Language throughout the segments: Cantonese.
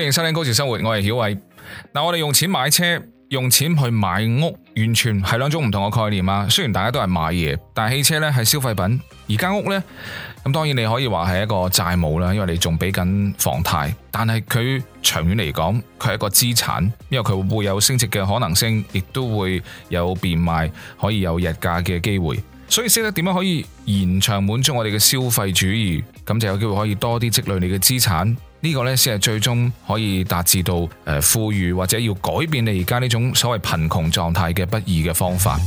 歡迎收聽高潮生活，我係曉偉。嗱、呃，我哋用錢買車，用錢去買屋，完全係兩種唔同嘅概念啊。雖然大家都係買嘢，但係汽車呢係消費品，而間屋呢，咁，當然你可以話係一個債務啦，因為你仲俾緊房貸。但係佢長遠嚟講，佢係一個資產，因為佢會有升值嘅可能性，亦都會有變賣可以有日價嘅機會。所以識得點樣可以延長滿足我哋嘅消費主義，咁就有機會可以多啲積累你嘅資產。呢個呢，先係最終可以達至到誒富裕，或者要改變你而家呢種所謂貧窮狀態嘅不易嘅方法。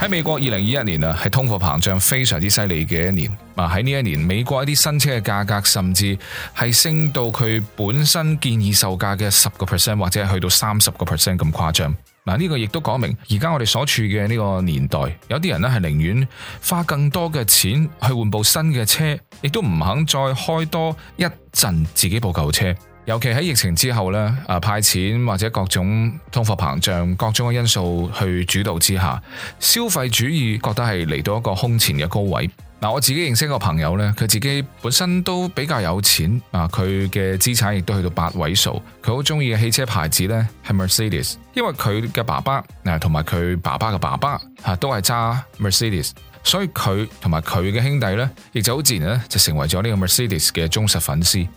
喺 美國二零二一年啊，係通貨膨脹非常之犀利嘅一年。啊，喺呢一年美國一啲新車嘅價格甚至係升到佢本身建議售價嘅十個 percent，或者係去到三十個 percent 咁誇張。嗱，呢個亦都講明而家我哋所處嘅呢個年代，有啲人咧係寧願花更多嘅錢去換部新嘅車，亦都唔肯再開多一陣自己部舊車。尤其喺疫情之後呢，啊派錢或者各種通貨膨脹各種嘅因素去主導之下，消費主義覺得係嚟到一個空前嘅高位。嗱，我自己認識一個朋友咧，佢自己本身都比較有錢啊，佢嘅資產亦都去到八位數，佢好中意嘅汽車牌子咧係 Mercedes，因為佢嘅爸爸啊同埋佢爸爸嘅爸爸嚇都係揸 Mercedes，所以佢同埋佢嘅兄弟咧，亦就好自然咧就成為咗呢個 Mercedes 嘅忠實粉絲。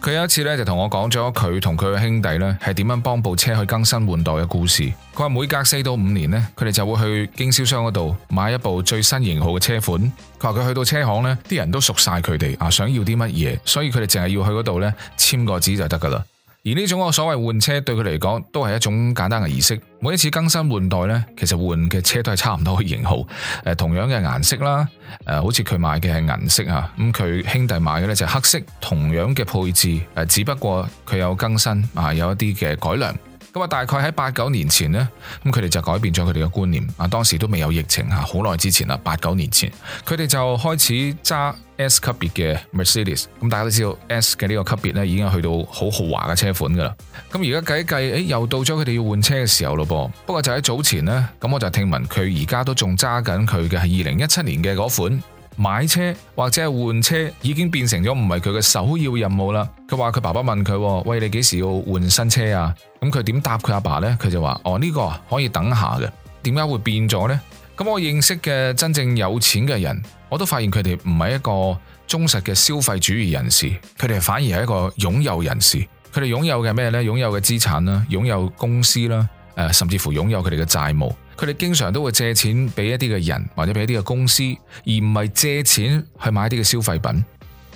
佢有一次咧就同我講咗佢同佢嘅兄弟咧係點樣幫部車去更新換代嘅故事。佢話每隔四到五年咧，佢哋就會去經銷商嗰度買一部最新型號嘅車款。佢話佢去到車行呢，啲人都熟晒佢哋，想要啲乜嘢，所以佢哋淨係要去嗰度咧簽個紙就得噶啦。而呢種所謂換車對佢嚟講都係一種簡單嘅儀式。每一次更新換代呢，其實換嘅車都係差唔多型號，誒，同樣嘅顏色啦，誒，好似佢買嘅係銀色啊，咁佢兄弟買嘅呢就係黑色，同樣嘅配置，誒，只不過佢有更新啊，有一啲嘅改良。咁啊，大概喺八九年前呢，咁佢哋就改變咗佢哋嘅觀念。啊，當時都未有疫情啊，好耐之前啊，八九年前，佢哋就開始揸。S 級別嘅 Mercedes，咁大家都知道 S 嘅呢個級別咧已經去到好豪華嘅車款噶啦。咁而家計一計，誒又到咗佢哋要換車嘅時候咯噃。不過就喺早前呢，咁我就聽聞佢而家都仲揸緊佢嘅係二零一七年嘅嗰款，買車或者係換車已經變成咗唔係佢嘅首要任務啦。佢話佢爸爸問佢：喂，你幾時要換新車啊？咁佢點答佢阿爸呢？佢就話：哦，呢個可以等下嘅。點解會變咗呢？咁我認識嘅真正有錢嘅人，我都發現佢哋唔係一個忠實嘅消費主義人士，佢哋反而係一個擁有人士。佢哋擁有嘅咩呢？擁有嘅資產啦，擁有公司啦，誒，甚至乎擁有佢哋嘅債務。佢哋經常都會借錢俾一啲嘅人或者俾一啲嘅公司，而唔係借錢去買一啲嘅消費品。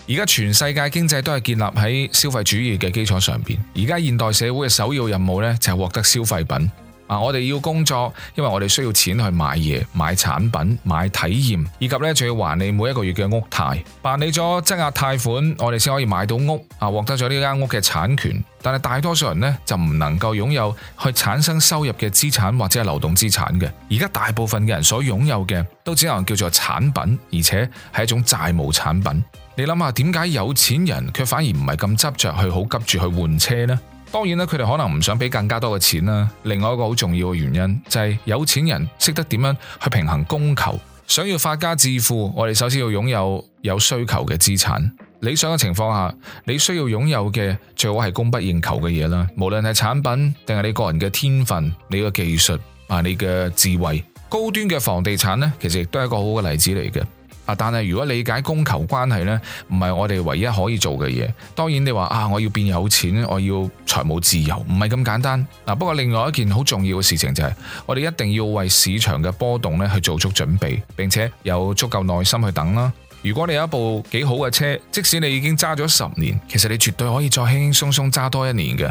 而家全世界經濟都係建立喺消費主義嘅基礎上邊。而家現代社會嘅首要任務呢，就係獲得消費品。啊！我哋要工作，因為我哋需要錢去買嘢、買產品、買體驗，以及咧仲要還你每一個月嘅屋貸。辦理咗質押貸款，我哋先可以買到屋，啊，獲得咗呢間屋嘅產權。但係大多數人呢，就唔能夠擁有去產生收入嘅資產或者係流動資產嘅。而家大部分嘅人所擁有嘅都只能叫做產品，而且係一種債務產品。你諗下，點解有錢人卻反而唔係咁執着去好急住去換車呢？當然咧，佢哋可能唔想俾更加多嘅錢啦。另外一個好重要嘅原因就係有錢人識得點樣去平衡供求。想要發家致富，我哋首先要擁有有需求嘅資產。理想嘅情況下，你需要擁有嘅最好係供不應求嘅嘢啦。無論係產品定係你個人嘅天分、你嘅技術啊、你嘅智慧，高端嘅房地產呢，其實亦都係一個好嘅例子嚟嘅。啊！但係如果理解供求關係呢，唔係我哋唯一可以做嘅嘢。當然你話啊，我要變有錢，我要財務自由，唔係咁簡單。嗱、啊，不過另外一件好重要嘅事情就係、是，我哋一定要為市場嘅波動呢去做足準備，並且有足夠耐心去等啦。如果你有一部幾好嘅車，即使你已經揸咗十年，其實你絕對可以再輕輕鬆鬆揸多一年嘅。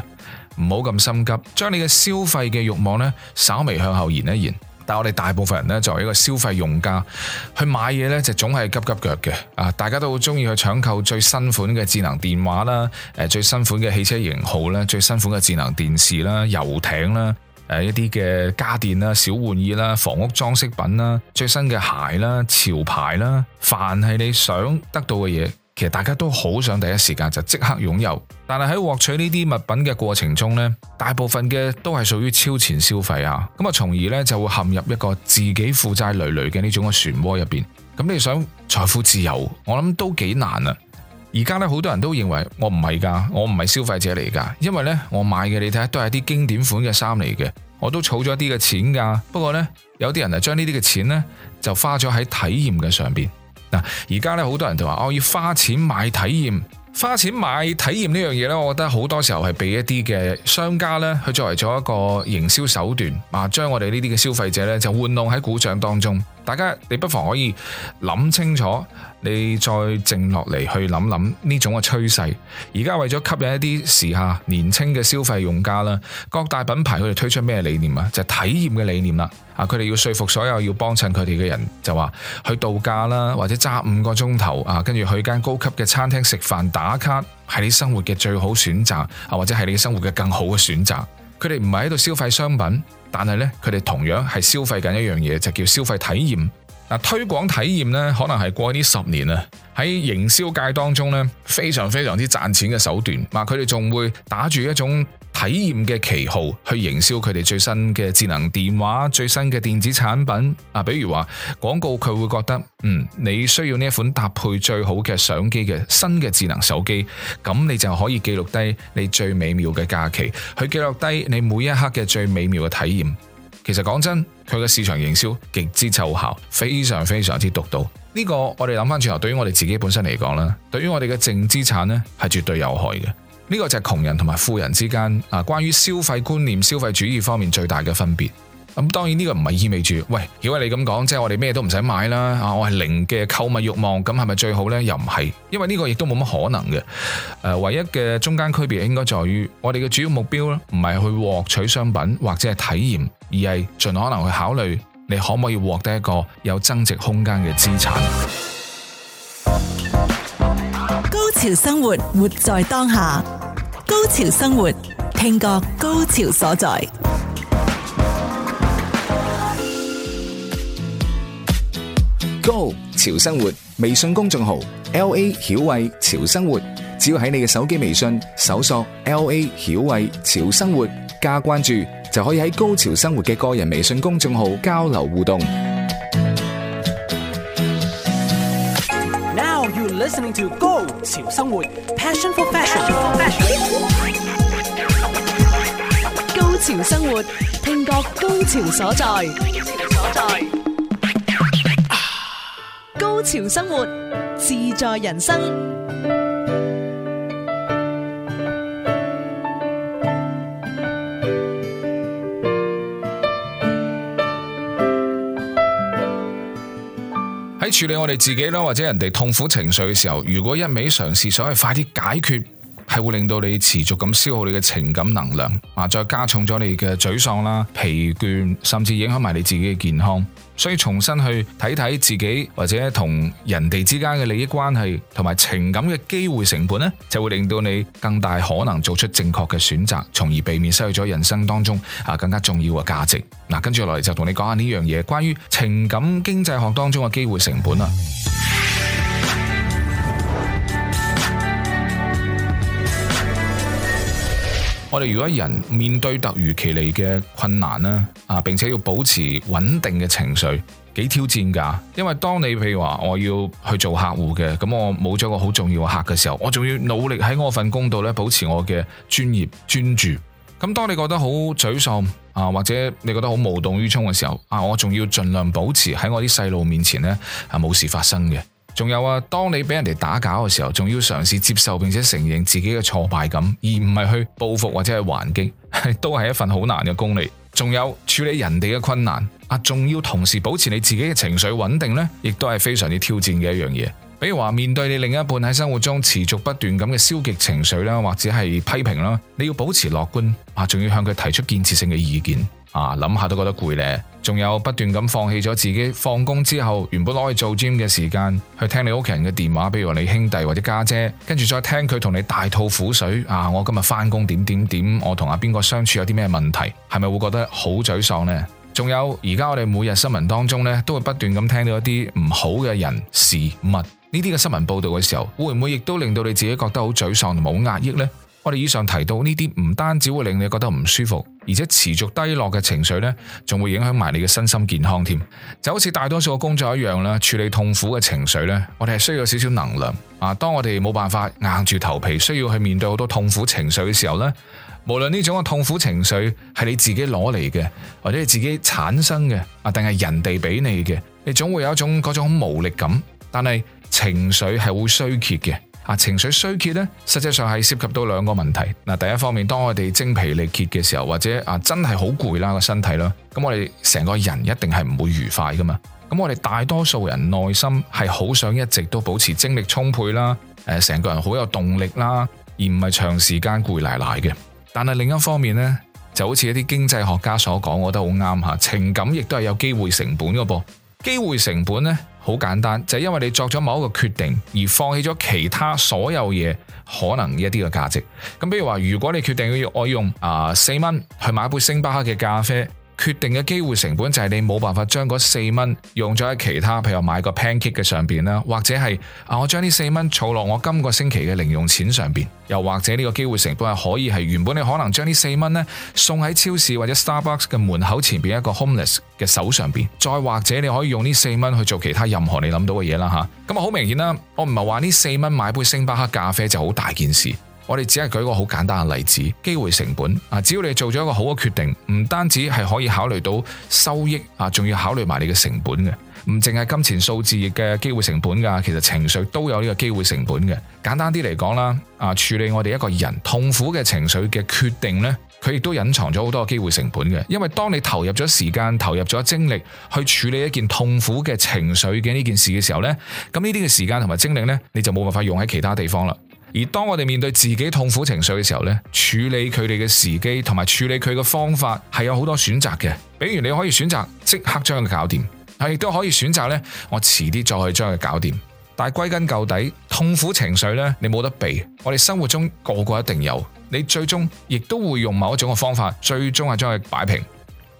唔好咁心急，將你嘅消費嘅慾望呢，稍微向後延一延。但我哋大部分人呢，作為一個消費用家，去買嘢呢，就總係急急腳嘅啊！大家都好鍾意去搶購最新款嘅智能電話啦，誒最新款嘅汽車型號啦、最新款嘅智能電視啦、遊艇啦、誒一啲嘅家電啦、小玩意啦、房屋裝飾品啦、最新嘅鞋啦、潮牌啦，凡係你想得到嘅嘢。其實大家都好想第一時間就即刻擁有，但係喺獲取呢啲物品嘅過程中呢，大部分嘅都係屬於超前消費啊，咁啊，從而呢就會陷入一個自己負債累累嘅呢種嘅漩渦入邊。咁你想財富自由，我諗都幾難啊。而家呢，好多人都認為我唔係噶，我唔係消費者嚟噶，因為呢，我買嘅你睇都係啲經典款嘅衫嚟嘅，我都儲咗一啲嘅錢噶。不過呢，有啲人係，將呢啲嘅錢呢，就花咗喺體驗嘅上邊。而家咧好多人同話，我、哦、要花錢買體驗，花錢買體驗呢樣嘢咧，我覺得好多時候係畀一啲嘅商家咧，佢作為咗一個營銷手段，啊，將我哋呢啲嘅消費者咧就玩弄喺股掌當中。大家你不妨可以諗清楚。你再靜落嚟去諗諗呢種嘅趨勢，而家為咗吸引一啲時下年輕嘅消費用家啦，各大品牌佢哋推出咩理念啊？就係體驗嘅理念啦。啊，佢哋要説服所有要幫襯佢哋嘅人，就話去度假啦，或者揸五個鐘頭啊，跟住去間高級嘅餐廳食飯打卡，係你生活嘅最好選擇，啊，或者係你生活嘅更好嘅選擇。佢哋唔係喺度消費商品，但係呢，佢哋同樣係消費緊一樣嘢，就叫消費體驗。推廣體驗咧，可能係過去呢十年啊，喺營銷界當中咧，非常非常之賺錢嘅手段。嗱，佢哋仲會打住一種體驗嘅旗號去營銷佢哋最新嘅智能電話、最新嘅電子產品。啊，比如話廣告，佢會覺得，嗯，你需要呢一款搭配最好嘅相機嘅新嘅智能手機，咁你就可以記錄低你最美妙嘅假期，去記錄低你每一刻嘅最美妙嘅體驗。其實講真，佢嘅市場營銷極之奏效，非常非常之獨到。呢、這個我哋諗翻轉頭，對於我哋自己本身嚟講啦，對於我哋嘅淨資產咧，係絕對有害嘅。呢、這個就係窮人同埋富人之間啊，關於消費觀念、消費主義方面最大嘅分別。咁當然呢個唔係意味住，喂，如果你咁講，即係我哋咩都唔使買啦，啊，我係零嘅購物欲望，咁係咪最好呢？又唔係，因為呢個亦都冇乜可能嘅。誒，唯一嘅中間區別應該在於，我哋嘅主要目標唔係去獲取商品或者係體驗，而係盡可能去考慮，你可唔可以獲得一個有增值空間嘅資產。高潮生活，活在當下。高潮生活，聽覺高潮所在。Go 潮生活微信公眾號，L A 曉慧潮生活，只要喺你嘅手機微信搜索 L A 曉慧潮生活加關注，就可以喺高潮生活嘅個人微信公眾號交流互動。Now you listening to Go 潮生活，Passion for fashion，Passion for fashion. 高潮生活，聽覺高潮所在。高潮高潮生活，自在人生。喺處理我哋自己啦，或者人哋痛苦情緒嘅時候，如果一味嘗試想去快啲解決。係會令到你持續咁消耗你嘅情感能量，啊，再加重咗你嘅沮喪啦、疲倦，甚至影響埋你自己嘅健康。所以重新去睇睇自己或者同人哋之間嘅利益關係同埋情感嘅機會成本呢，就會令到你更大可能做出正確嘅選擇，從而避免失去咗人生當中啊更加重要嘅價值。嗱，跟住落嚟就同你講下呢樣嘢，關於情感經濟學當中嘅機會成本啦。我哋如果人面對突如其來嘅困難咧，啊，並且要保持穩定嘅情緒，幾挑戰㗎。因為當你譬如話我要去做客戶嘅，咁我冇咗個好重要嘅客嘅時候，我仲要努力喺我份工度咧保持我嘅專業、專注。咁當你覺得好沮喪啊，或者你覺得好無動於衷嘅時候，啊，我仲要盡量保持喺我啲細路面前咧啊冇事發生嘅。仲有啊，當你俾人哋打擾嘅時候，仲要嘗試接受並且承認自己嘅挫敗感，而唔係去報復或者係還擊，都係一份好難嘅功力。仲有處理人哋嘅困難，啊，仲要同時保持你自己嘅情緒穩定呢，亦都係非常之挑戰嘅一樣嘢。比如話面對你另一半喺生活中持續不斷咁嘅消極情緒啦，或者係批評啦，你要保持樂觀，啊，仲要向佢提出建設性嘅意見。啊，諗下都覺得攰咧。仲有不斷咁放棄咗自己放工之後原本攞去做 gym 嘅時間，去聽你屋企人嘅電話，比如話你兄弟或者家姐,姐，跟住再聽佢同你大吐苦水。啊，我今日翻工點點點，我同阿邊個相處有啲咩問題，係咪會覺得好沮喪咧？仲有而家我哋每日新聞當中咧，都會不斷咁聽到一啲唔好嘅人事物呢啲嘅新聞報道嘅時候，會唔會亦都令到你自己覺得好沮喪同冇壓抑咧？我哋以上提到呢啲唔單止會令你覺得唔舒服，而且持續低落嘅情緒呢，仲會影響埋你嘅身心健康添。就好似大多數嘅工作一樣啦，處理痛苦嘅情緒呢，我哋係需要少少能量。啊，當我哋冇辦法硬住頭皮，需要去面對好多痛苦情緒嘅時候呢，無論呢種嘅痛苦情緒係你自己攞嚟嘅，或者你自己產生嘅，啊，定係人哋俾你嘅，你總會有一種嗰種無力感。但係情緒係會衰竭嘅。啊，情緒衰竭呢，實際上係涉及到兩個問題。嗱，第一方面，當我哋精疲力竭嘅時候，或者啊真係好攰啦，個身體啦，咁我哋成個人一定係唔會愉快㗎嘛。咁我哋大多數人內心係好想一直都保持精力充沛啦，誒、呃，成個人好有動力啦，而唔係長時間攰賴賴嘅。但係另一方面呢，就好似一啲經濟學家所講，我覺得好啱吓。情感亦都係有機會成本㗎噃，機會成本呢。好簡單，就係、是、因為你作咗某一個決定而放棄咗其他所有嘢，可能一啲嘅價值。咁，比如話，如果你決定要用啊四蚊去買一杯星巴克嘅咖啡。決定嘅機會成本就係你冇辦法將嗰四蚊用咗喺其他，譬如話買個 pancake 嘅上邊啦，或者係啊我將呢四蚊儲落我今個星期嘅零用錢上邊，又或者呢個機會成本係可以係原本你可能將呢四蚊呢送喺超市或者 Starbucks 嘅門口前邊一個 homeless 嘅手上邊，再或者你可以用呢四蚊去做其他任何你諗到嘅嘢啦吓，咁啊好明顯啦，我唔係話呢四蚊買杯星巴克咖啡就好大件事。我哋只係舉一個好簡單嘅例子，機會成本啊，只要你做咗一個好嘅決定，唔單止係可以考慮到收益啊，仲要考慮埋你嘅成本嘅，唔淨係金錢數字嘅機會成本噶，其實情緒都有呢個機會成本嘅。簡單啲嚟講啦，啊，處理我哋一個人痛苦嘅情緒嘅決定呢，佢亦都隱藏咗好多機會成本嘅，因為當你投入咗時間、投入咗精力去處理一件痛苦嘅情緒嘅呢件事嘅時候呢，咁呢啲嘅時間同埋精力呢，你就冇辦法用喺其他地方啦。而當我哋面對自己痛苦情緒嘅時候咧，處理佢哋嘅時機同埋處理佢嘅方法係有好多選擇嘅。比如你可以選擇即刻將佢搞掂，係亦都可以選擇咧，我遲啲再去將佢搞掂。但係歸根究底，痛苦情緒咧，你冇得避。我哋生活中個個一定有，你最終亦都會用某一種嘅方法，最終係將佢擺平。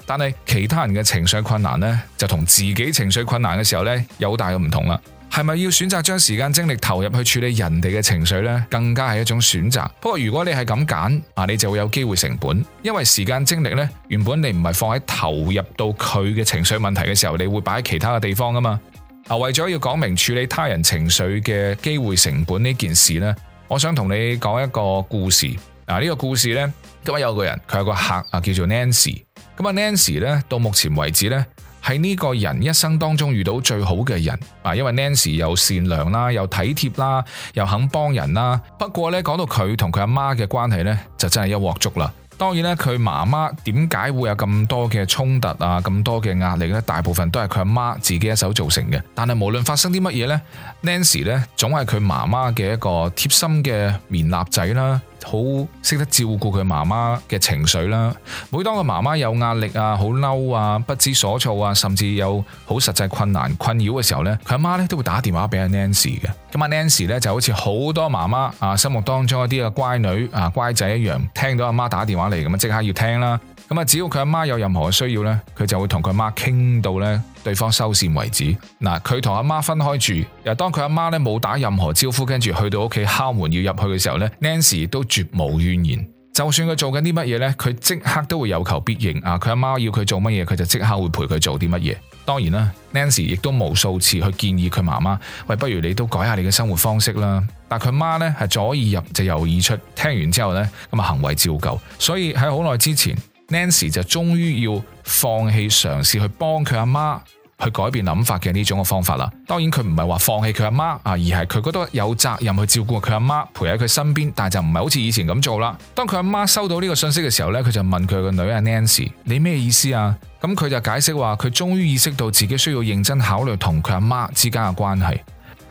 但係其他人嘅情緒困難呢，就同自己情緒困難嘅時候呢，有好大嘅唔同啦。係咪要選擇將時間精力投入去處理人哋嘅情緒呢？更加係一種選擇。不過如果你係咁揀，啊，你就會有機會成本，因為時間精力呢，原本你唔係放喺投入到佢嘅情緒問題嘅時候，你會擺喺其他嘅地方噶嘛。啊，為咗要講明處理他人情緒嘅機會成本呢件事呢，我想同你講一個故事。啊，呢個故事呢，今日有個人，佢有個客啊，叫做 Nancy。咁啊，Nancy 呢，到目前為止呢。喺呢個人一生當中遇到最好嘅人，啊，因為 Nancy 又善良啦，又體貼啦，又肯幫人啦。不過呢，講到佢同佢阿媽嘅關係呢，就真係一鑊粥啦。當然呢，佢媽媽點解會有咁多嘅衝突啊，咁多嘅壓力呢？大部分都係佢阿媽自己一手造成嘅。但係無論發生啲乜嘢呢，Nancy 呢總係佢媽媽嘅一個貼心嘅棉衲仔啦。好識得照顧佢媽媽嘅情緒啦，每當佢媽媽有壓力啊、好嬲啊、不知所措啊，甚至有好實際困難困擾嘅時候呢，佢阿媽呢都會打電話俾阿 Nancy 嘅，咁阿 Nancy 呢就好似好多媽媽啊心目當中一啲嘅乖女啊乖仔一樣，聽到阿媽打電話嚟咁啊，即刻要聽啦。咁啊，只要佢阿媽有任何嘅需要咧，佢就會同佢阿媽傾到咧，對方收線為止。嗱，佢同阿媽分開住，又當佢阿媽咧冇打任何招呼，跟住去到屋企敲門要入去嘅時候咧，Nancy 都絕無怨言。就算佢做緊啲乜嘢咧，佢即刻都會有求必應啊！佢阿媽要佢做乜嘢，佢就即刻會陪佢做啲乜嘢。當然啦，Nancy 亦都無數次去建議佢媽媽，喂，不如你都改下你嘅生活方式啦。但佢媽咧係左耳入就右耳出，聽完之後咧咁啊行為照舊。所以喺好耐之前，Nancy 就終於要放棄嘗試去幫佢阿媽去改變諗法嘅呢種嘅方法啦。當然佢唔係話放棄佢阿媽啊，而係佢覺得有責任去照顧佢阿媽，陪喺佢身邊，但係就唔係好似以前咁做啦。當佢阿媽收到呢個信息嘅時候呢，佢就問佢個女阿 Nancy：你咩意思啊？咁佢就解釋話，佢終於意識到自己需要認真考慮同佢阿媽之間嘅關係。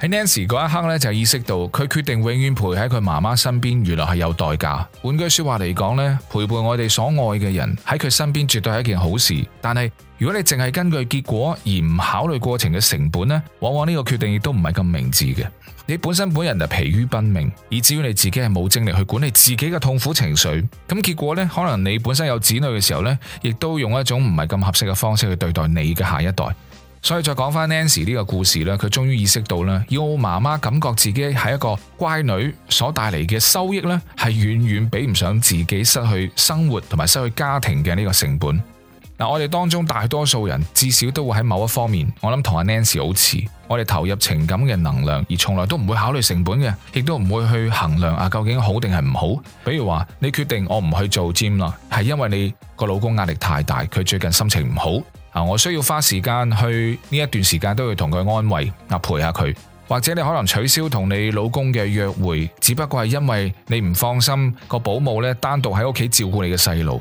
喺那時嗰一刻咧，就意識到佢決定永遠陪喺佢媽媽身邊，原來係有代價。換句說話嚟講咧，陪伴我哋所愛嘅人喺佢身邊，絕對係一件好事。但係如果你淨係根據結果而唔考慮過程嘅成本呢，往往呢個決定亦都唔係咁明智嘅。你本身本人就疲於奔命，以至於你自己係冇精力去管理自己嘅痛苦情緒。咁結果呢，可能你本身有子女嘅時候呢，亦都用一種唔係咁合適嘅方式去對待你嘅下一代。所以再講翻 Nancy 呢個故事呢，佢終於意識到呢，要媽媽感覺自己係一個乖女所帶嚟嘅收益呢，係遠遠比唔上自己失去生活同埋失去家庭嘅呢個成本。嗱，我哋當中大多數人至少都會喺某一方面，我諗同阿 Nancy 好似，我哋投入情感嘅能量而從來都唔會考慮成本嘅，亦都唔會去衡量啊，究竟好定係唔好。比如話，你決定我唔去做 gym 啦，係因為你個老公壓力太大，佢最近心情唔好。嗱，我需要花時間去呢一段時間都要同佢安慰啊，陪下佢，或者你可能取消同你老公嘅約會，只不過係因為你唔放心個保姆咧單獨喺屋企照顧你嘅細路。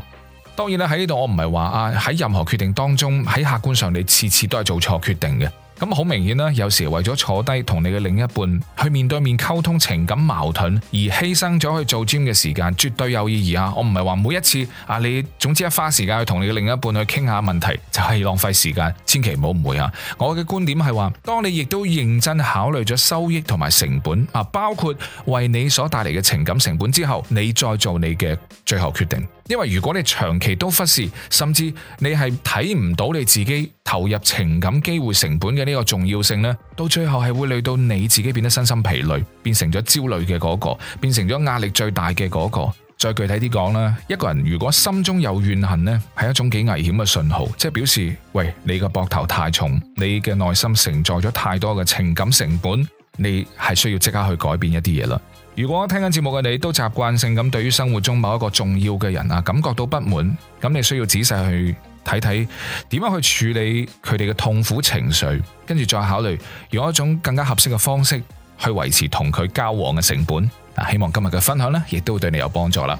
當然啦，喺呢度我唔係話啊，喺任何決定當中，喺客觀上你次次都係做錯決定嘅。咁好明顯啦，有時為咗坐低同你嘅另一半去面對面溝通情感矛盾，而犧牲咗去做 gym 嘅時間，絕對有意義啊！我唔係話每一次啊，你總之一花時間去同你嘅另一半去傾下問題就係浪費時間，千祈唔好誤會吓。我嘅觀點係話，當你亦都認真考慮咗收益同埋成本啊，包括為你所帶嚟嘅情感成本之後，你再做你嘅最後決定。因為如果你長期都忽視，甚至你係睇唔到你自己投入情感、機會成本嘅呢個重要性呢，到最後係會累到你自己變得身心疲累，變成咗焦慮嘅嗰個，變成咗壓力最大嘅嗰個。再具體啲講啦，一個人如果心中有怨恨呢，係一種幾危險嘅信號，即係表示：「喂，你個膊頭太重，你嘅內心承載咗太多嘅情感成本，你係需要即刻去改變一啲嘢啦。如果聽緊節目嘅你都習慣性咁對於生活中某一個重要嘅人啊，感覺到不滿，咁你需要仔細去睇睇點樣去處理佢哋嘅痛苦情緒，跟住再考慮用一種更加合適嘅方式去維持同佢交往嘅成本。嗱、啊，希望今日嘅分享呢，亦都會對你有幫助啦。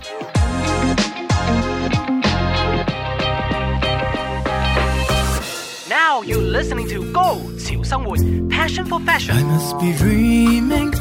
Now you listening to 高潮生活 Passion for Fashion I must be。Made.